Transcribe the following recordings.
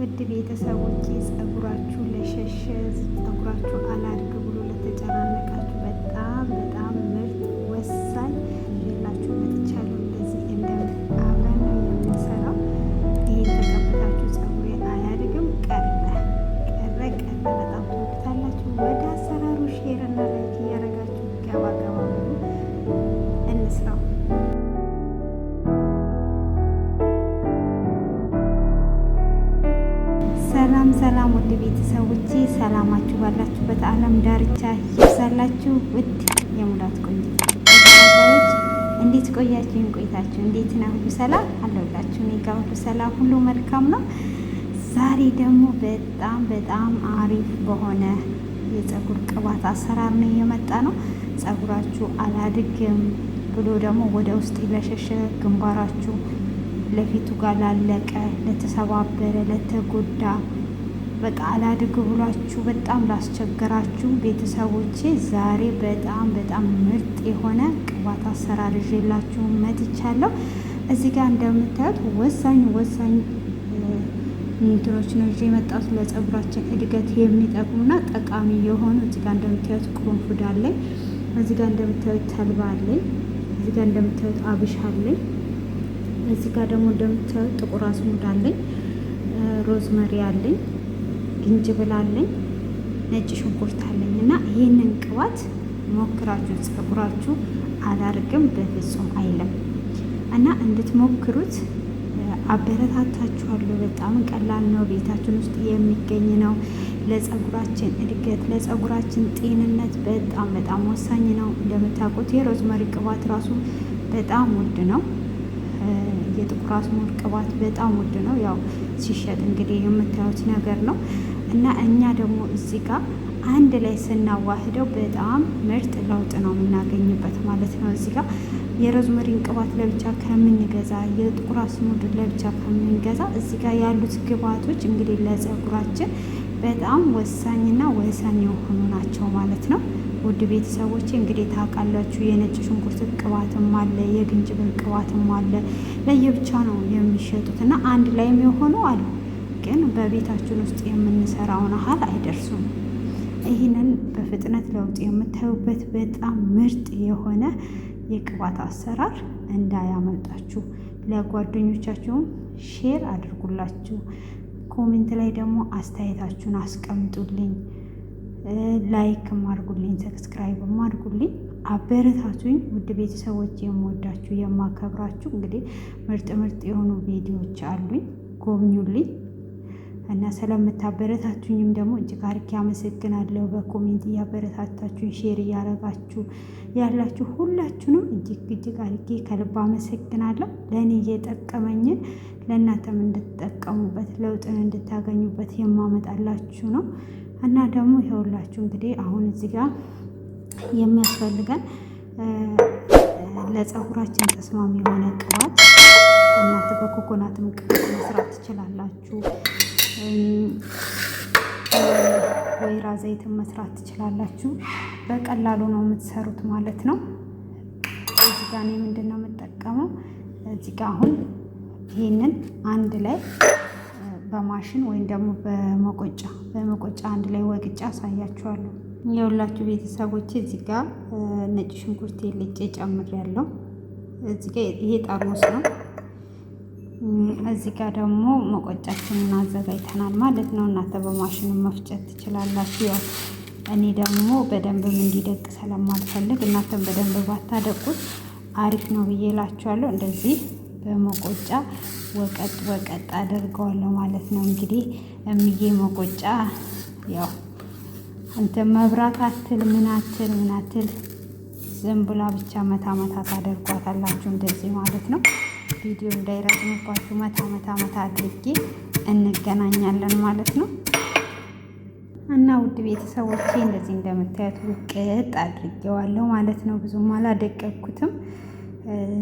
ውድ ቤተሰቦች ጸጉራችሁ ለሸሸ ጸጉራችሁ አላድግ ብሎ ለተጨናነቃችሁ በጣም በጣም ሰላም ውድ ቤተሰቦቼ፣ ሰላማችሁ ባላችሁበት ዓለም ዳርቻ ይብዛላችሁ። ውድ የሙላት ቆይታ እንዴት ቆያችሁኝ? ቆይታችሁ እንዴት ነው? ሁሉ ሰላም አለውላችሁ? እኔ ጋር ሁሉ ሰላም፣ ሁሉ መልካም ነው። ዛሬ ደግሞ በጣም በጣም አሪፍ በሆነ የፀጉር ቅባት አሰራር ነው የመጣ ነው። ጸጉራችሁ አላድግም ብሎ ደግሞ ወደ ውስጥ ለሸሸ ግንባራችሁ ለፊቱ ጋር ላለቀ፣ ለተሰባበረ፣ ለተጎዳ በቃ አላድግ ብሏችሁ በጣም ላስቸገራችሁ ቤተሰቦቼ ዛሬ በጣም በጣም ምርጥ የሆነ ቅባት አሰራር ይዤላችሁ መጥቻለሁ። እዚህ ጋር እንደምታዩት ወሳኝ ወሳኝ ነው ይዤ የመጣሁት ለጸጉራችን እድገት የሚጠቅሙና ጠቃሚ የሆኑ እዚህ ጋር እንደምታዩት ቅርንፉድ አለኝ። እዚህ ጋር እንደምታዩት ተልባ አለኝ። እዚህ ጋር እንደምታዩት አብሻ አለኝ። እዚህ ጋር ደግሞ እንደምታዩት ጥቁር አዝሙድ አለኝ። ሮዝመሪ አለኝ። ግንጅ አለኝ፣ ነጭ ሽንኩርት አለኝ እና ይህንን ቅባት ሞክራችሁ ጸጉራችሁ አላርግም በፍጹም አይለም እና እንድትሞክሩት አበረታታችኋለሁ። በጣም ቀላል ነው፣ ቤታችን ውስጥ የሚገኝ ነው። ለጸጉራችን እድገት ለጸጉራችን ጤንነት በጣም በጣም ወሳኝ ነው። እንደምታውቁት የሮዝመሪ ቅባት ራሱ በጣም ውድ ነው። የጥቁር አዝሙድ ቅባት በጣም ውድ ነው ያው ሲሸጥ እንግዲህ የምታዩት ነገር ነው እና እኛ ደግሞ እዚህ ጋር አንድ ላይ ስናዋህደው በጣም ምርጥ ለውጥ ነው የምናገኝበት ማለት ነው። እዚህ ጋር የሮዝመሪን ቅባት ለብቻ ከምንገዛ፣ የጥቁር አስሙድ ለብቻ ከምንገዛ እዚህ ጋር ያሉት ግብዓቶች እንግዲህ ለፀጉራችን በጣም ወሳኝና ወሳኝ የሆኑ ናቸው ማለት ነው። ውድ ቤተሰቦች እንግዲህ ታውቃላችሁ የነጭ ሽንኩርት ቅባትም አለ፣ የግንጭብል ቅባትም አለ። ለየብቻ ነው የሚሸጡት እና አንድ ላይም የሆኑ አሉ። ግን በቤታችን ውስጥ የምንሰራውን ያህል አይደርሱም። ይህንን በፍጥነት ለውጥ የምታዩበት በጣም ምርጥ የሆነ የቅባት አሰራር እንዳያመልጣችሁ። ለጓደኞቻችሁም ሼር አድርጉላችሁ። ኮሜንት ላይ ደግሞ አስተያየታችሁን አስቀምጡልኝ። ላይክም አድርጉልኝ፣ ሰብስክራይብም አድርጉልኝ፣ አበረታቱኝ። ውድ ቤተሰቦች የምወዳችሁ የማከብራችሁ፣ እንግዲህ ምርጥ ምርጥ የሆኑ ቪዲዮዎች አሉኝ፣ ጎብኙልኝ እና ስለምታበረታችሁኝም ደግሞ እጅግ አርጌ አመሰግናለሁ። በኮሜንት እያበረታታችሁኝ ሼር እያረጋችሁ ያላችሁ ሁላችሁንም እጅግ እጅግ አርጌ ከልብ አመሰግናለሁ። ለእኔ እየጠቀመኝን ለእናንተም እንድትጠቀሙበት ለውጥን እንድታገኙበት የማመጣላችሁ ነው። እና ደግሞ ይኸውላችሁ እንግዲህ አሁን እዚህ ጋር የሚያስፈልገን ለፀጉራችን ተስማሚ የሆነ ቅባት እናንተ በኮኮናትም ቅባት መስራት ትችላላችሁ። ወይራ ዘይትን መስራት ትችላላችሁ። በቀላሉ ነው የምትሰሩት ማለት ነው። እዚህ ጋር እኔ ምንድን ነው የምጠቀመው እዚህ ጋር አሁን ይህንን አንድ ላይ በማሽን ወይም ደግሞ በመቆጫ በመቆጫ አንድ ላይ ወቅጫ አሳያችኋለሁ። የሁላችሁ ቤተሰቦች እዚህ ጋር ነጭ ሽንኩርት ጨምር ያለው እዚህ ጋ ይሄ ጠርሙስ ነው። እዚህ ጋር ደግሞ መቆጫችንን አዘጋጅተናል ማለት ነው። እናንተ በማሽን መፍጨት ትችላላችሁ። ያው እኔ ደግሞ በደንብም እንዲደቅ ስለማልፈልግ እናንተም በደንብ ባታደቁት አሪፍ ነው ብዬ እላችኋለሁ እንደዚህ በመቆጫ ወቀጥ ወቀጥ አደርገዋለሁ ማለት ነው። እንግዲህ እምዬ መቆጫ ያው እንትን መብራት አትል ምን አትል ምን አትል ዝም ብላ ብቻ መታ መታ ታደርጓታላችሁ እንደዚህ ማለት ነው። ቪዲዮ እንዳይረዝምባችሁ መታ መታ መታ አድርጌ እንገናኛለን ማለት ነው። እና ውድ ቤተሰቦቼ እንደዚህ እንደምታዩት ውቅጥ አድርጌዋለሁ ማለት ነው። ብዙም አላደቀኩትም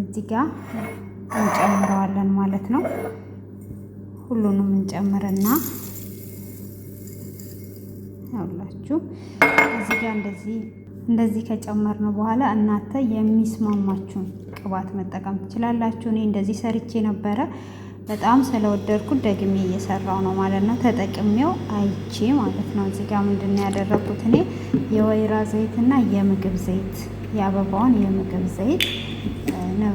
እዚህ ጋር እንጨምረዋለን ማለት ነው። ሁሉንም እንጨምርና ያውላችሁ እዚህ ጋር እንደዚህ እንደዚህ ከጨመርነው በኋላ እናንተ የሚስማማችሁን ቅባት መጠቀም ትችላላችሁ። እኔ እንደዚህ ሰርቼ ነበረ። በጣም ስለወደድኩት ደግሜ እየሰራው ነው ማለት ነው። ተጠቅሜው አይቼ ማለት ነው። እዚህ ጋር ምንድን ነው ያደረኩት እኔ የወይራ ዘይትና የምግብ ዘይት የአበባውን የምግብ ዘይት ነው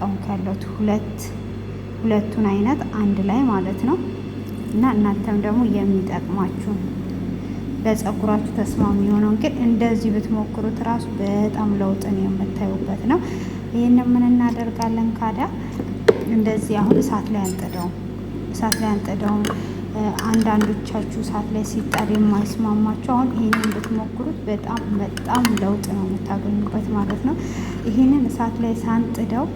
እየተጠቀሙት ያለሁት ሁለት ሁለቱን አይነት አንድ ላይ ማለት ነው። እና እናንተም ደግሞ የሚጠቅማችሁ ለጸጉራችሁ ተስማሚ የሆነውን ግን እንደዚህ ብትሞክሩት ራሱ በጣም ለውጥን የምታዩበት ነው። ይህን ምን እናደርጋለን ካዳ እንደዚህ አሁን እሳት ላይ አንጥደውም እሳት ላይ አንጥደውም። አንዳንዶቻችሁ እሳት ላይ ሲጠር የማይስማማቸው አሁን ይህንን ብትሞክሩት በጣም በጣም ለውጥ ነው የምታገኙበት ማለት ነው። ይህንን እሳት ላይ ሳንጥደው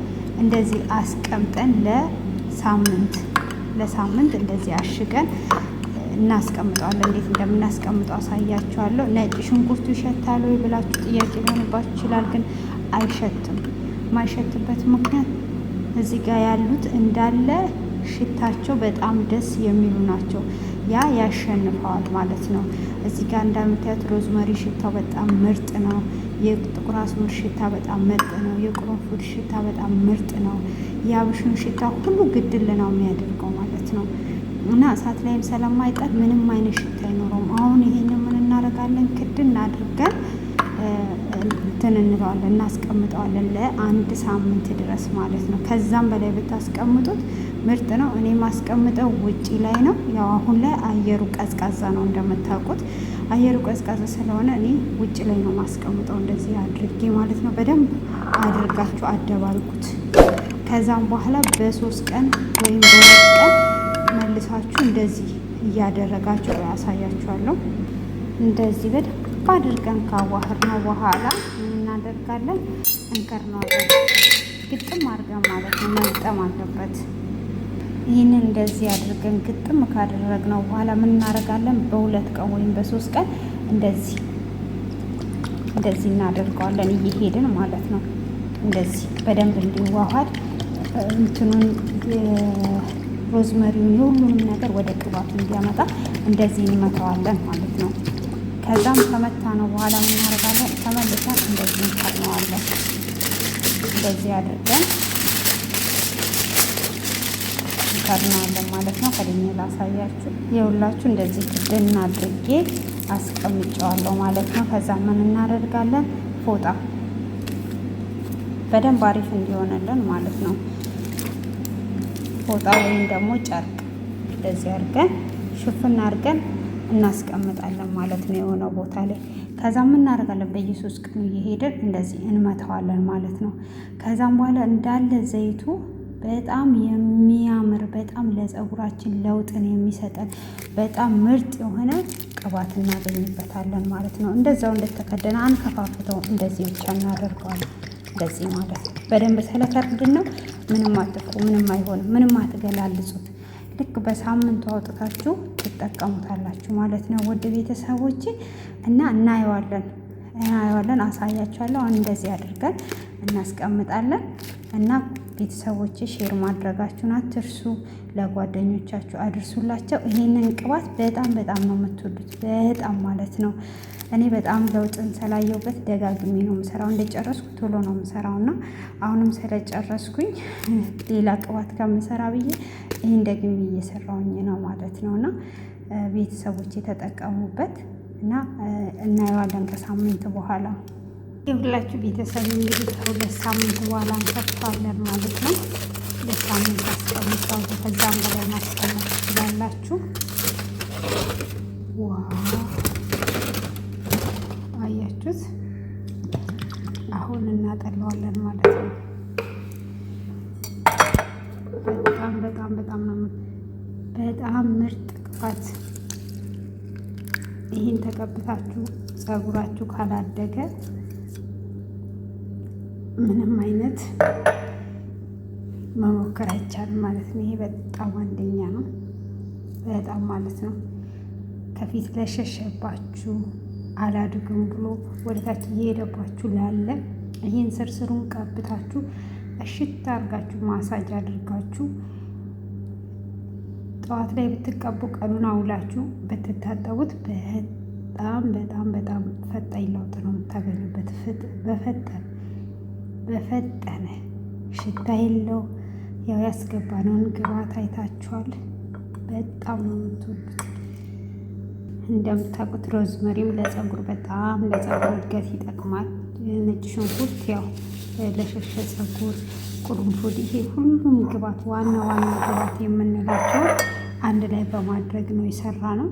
እንደዚህ አስቀምጠን ለሳምንት ለሳምንት እንደዚህ አሽገን እናስቀምጠዋለን። እንዴት እንደምናስቀምጠው አሳያችኋለሁ። ነጭ ሽንኩርቱ ይሸታል ወይ ብላችሁ ጥያቄ ሊሆንባችሁ ይችላል። ግን አይሸትም። የማይሸትበት ምክንያት እዚህ ጋር ያሉት እንዳለ ሽታቸው በጣም ደስ የሚሉ ናቸው። ያ ያሸንፈዋል ማለት ነው። እዚህ ጋር እንደምታዩት ሮዝመሪ ሽታው በጣም ምርጥ ነው። የጥቁር ሽታ በጣም ምርጥ ነው። የቅርንፉድ ሽታ በጣም ምርጥ ነው። የአብሽን ሽታ ሁሉ ግድል ነው የሚያደርገው ማለት ነው። እና እሳት ላይም ስለማይጠር ምንም አይነት ሽታ አይኖረውም። አሁን ይሄን ምን እናደርጋለን? ክድን አድርገን እንትን እንለዋለን እናስቀምጠዋለን፣ ለአንድ ሳምንት ድረስ ማለት ነው። ከዛም በላይ ብታስቀምጡት ምርጥ ነው። እኔ ማስቀምጠው ውጪ ላይ ነው። ያው አሁን ላይ አየሩ ቀዝቃዛ ነው እንደምታውቁት አየሩ ቀዝቃዛ ስለሆነ እኔ ውጭ ላይ ነው ማስቀምጠው። እንደዚህ አድርጌ ማለት ነው። በደንብ አድርጋችሁ አደባልኩት። ከዛም በኋላ በሶስት ቀን ወይም በሁለት ቀን መልሳችሁ እንደዚህ እያደረጋችሁ ያሳያችኋለሁ። እንደዚህ በደንብ አድርገን ካዋህርነው በኋላ እናደርጋለን እንቀርነዋለን። ግጥም አድርገን ማለት ነው። መልጠም አለበት። ይህንን እንደዚህ አድርገን ግጥም ካደረግነው በኋላ ምን እናደርጋለን? በሁለት ቀን ወይም በሶስት ቀን እንደዚህ እንደዚህ እናደርገዋለን እየሄድን ማለት ነው። እንደዚህ በደንብ እንዲዋሃድ እንትኑን ሮዝመሪውን የሁሉንም ነገር ወደ ቅባቱ እንዲያመጣ እንደዚህ እንመታዋለን ማለት ነው። ከዛም ከመታ ነው በኋላ ምን እናደርጋለን? ተመልሰን እንደዚህ እንቀርነዋለን። እንደዚህ አድርገን እንከርናለን ማለት ነው። ከድሜ ላሳያችሁ የሁላችሁ እንደዚህ ክድና አድርጌ አስቀምጨዋለሁ ማለት ነው። ከዛ ምን እናደርጋለን? ፎጣ በደንብ አሪፍ እንዲሆንልን ማለት ነው። ፎጣ ወይም ደግሞ ጨርቅ እንደዚህ አድርገን ሽፍን አድርገን እናስቀምጣለን ማለት ነው። የሆነ ቦታ ላይ ከዛ ምን እናደርጋለን። በየሶስት ቀኑ እየሄድን እንደዚህ እንመታዋለን ማለት ነው። ከዛም በኋላ እንዳለ ዘይቱ በጣም የሚያምር በጣም ለፀጉራችን ለውጥን የሚሰጠን በጣም ምርጥ የሆነ ቅባት እናገኝበታለን ማለት ነው። እንደዛው እንደተከደነ አንከፋፍተው እንደዚህ ብቻ እናደርገዋለን። እንደዚህ ማለት ነው። በደንብ ስለከርድን ነው። ምንም አጥፉ፣ ምንም አይሆንም፣ ምንም አትገላልጹት። ልክ በሳምንቱ አውጥታችሁ ትጠቀሙታላችሁ ማለት ነው። ውድ ቤተሰቦች እና እናየዋለን እናየዋለን፣ አሳያችኋለሁ። እንደዚህ አድርገን እናስቀምጣለን እና ቤተሰቦች ሼር ማድረጋችሁን አትርሱ፣ ለጓደኞቻችሁ አድርሱላቸው። ይህንን ቅባት በጣም በጣም ነው የምትወዱት፣ በጣም ማለት ነው። እኔ በጣም ለውጥን ስላየሁበት ደጋግሜ ነው የምሰራው። እንደጨረስኩ ቶሎ ነው የምሰራው እና አሁንም ስለጨረስኩኝ ሌላ ቅባት ከምሰራ ብዬ ይህን ደግሜ እየሰራውኝ ነው ማለት ነው እና ቤተሰቦች የተጠቀሙበት እና እናየዋለን ከሳምንት በኋላ የሁላችሁ ቤተሰብ እንግዲህ ከሁለት ሳምንት በኋላ እንከፍተዋለን ማለት ነው። ሁለት ሳምንት አስቀምጠው ከዛም በላይ ማስቀመጥ ትችላላችሁ። አያችሁት? አሁን እናጠለዋለን ሰርታችሁ ጸጉራችሁ ካላደገ ምንም አይነት መሞከር አይቻልም ማለት ነው። ይሄ በጣም አንደኛ ነው፣ በጣም ማለት ነው። ከፊት ለሸሸባችሁ አላድግም ብሎ ወደታች እየሄደባችሁ ላለ ይህን ስርስሩን ቀብታችሁ እሽት አድርጋችሁ ማሳጅ አድርጋችሁ ጠዋት ላይ ብትቀቡ ቀኑን አውላችሁ ብትታጠቡት በጣም በጣም በጣም ፈጣኝ ለውጥ ነው የምታገኙበት። በፈጠነ በፈጠነ ሽታ የለው ያው ያስገባነውን ግባት አይታችኋል። በጣም ነው የምትወዱት። እንደምታውቁት ሮዝመሪም ለፀጉር በጣም ለፀጉር እድገት ይጠቅማል። ነጭ ሽንኩርት ያው ለሸሸ ፀጉር፣ ቁርንፉድ፣ ይሄ ሁሉም ግብአት ዋና ዋና ግባት የምንላቸው አንድ ላይ በማድረግ ነው የሰራ ነው።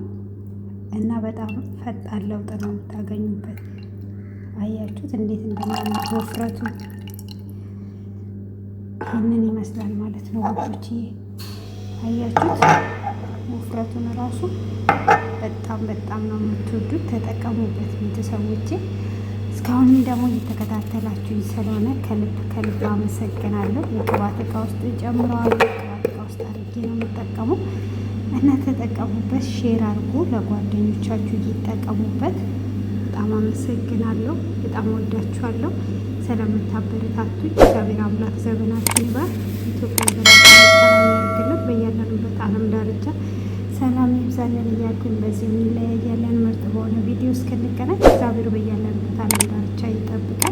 እና በጣም ፈጣን ለውጥ ነው የምታገኙበት። አያችሁት እንዴት እንደማለ ወፍረቱ ይህንን ይመስላል ማለት ነው ውዶቼ። አያችሁት ውፍረቱን ራሱ በጣም በጣም ነው የምትወዱት። ተጠቀሙበት ቤተሰቦቼ። እስካሁንም ደግሞ እየተከታተላችሁኝ ስለሆነ ከልብ ከልብ አመሰግናለሁ። የቅባት እቃ ውስጥ ጨምረዋል። የቅባት እቃ ውስጥ አድርጌ ነው የምጠቀመው። እና ተጠቀሙበት፣ ሼር አድርጎ ለጓደኞቻችሁ እየጠቀሙበት። በጣም አመሰግናለሁ። በጣም ወዳችኋለሁ። ስለምታበረታቱኝ እግዚአብሔር አምላክ ዘመናችን ይባል። ኢትዮጵያ በሰላም ያርግልን። በያለንበት ዓለም ዳርቻ ሰላም ይብዛልን እያልኩኝ በዚህ የሚለያያለን ምርጥ በሆነ ቪዲዮ እስክንገናኝ እግዚአብሔር በያለንበት ዓለም ዳርቻ ይጠብቃል።